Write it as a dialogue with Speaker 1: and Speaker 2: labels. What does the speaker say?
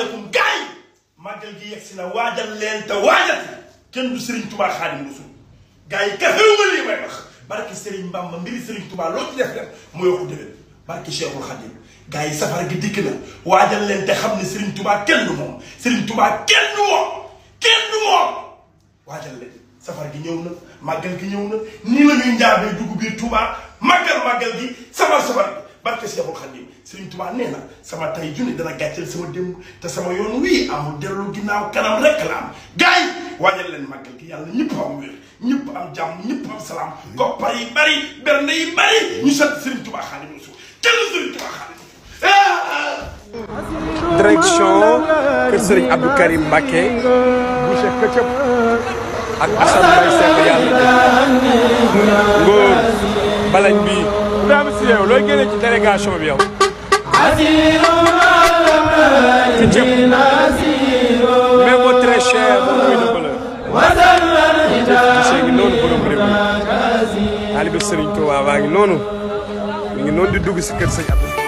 Speaker 1: asalaamaaleykum gars yi màggal gi yegg si na waajal leen te waajal kenn du Serigne Touba Xaadim Rasul gars yi kafe wu ma lii may wax barke Serigne Mbamba mbiri Serigne Touba loo ci def rek mu yokku déwén barke Cheikhul Khadim gars yi safar gi dikk na waajal leen te xam ne Serigne Touba kenn du moom Serigne Touba kenn du moom kenn du moom waajal leen safar gi ñëw na màggal gi ñëw na nii la ñuy njaabee dugg biir Touba màggal màggal gi safar safar. barke Seexul Xadiim Sëriñ Tuubaa nee na sama tay junni dana gàcceel sama démb te sama yoon wii amul dellu ginnaaw kanam rek la am leen màggal gi yàlla ñëpp am wér ñëpp am jàmm ñëpp am salaam koppar yi bari bernde yi bari ñu sant Sëriñ Tuubaa Xaadimu Rasuul kenn Sëriñ Tuubaa Xaadimu Rasuul direction kër Sëriñ Abdou Karim Mbacké bu bi Ibrahima si yow looy génne ci délégation bi yow. Serigne Touba waa ngi noonu ngi noonu di dugg si kër Sëñ Abdou.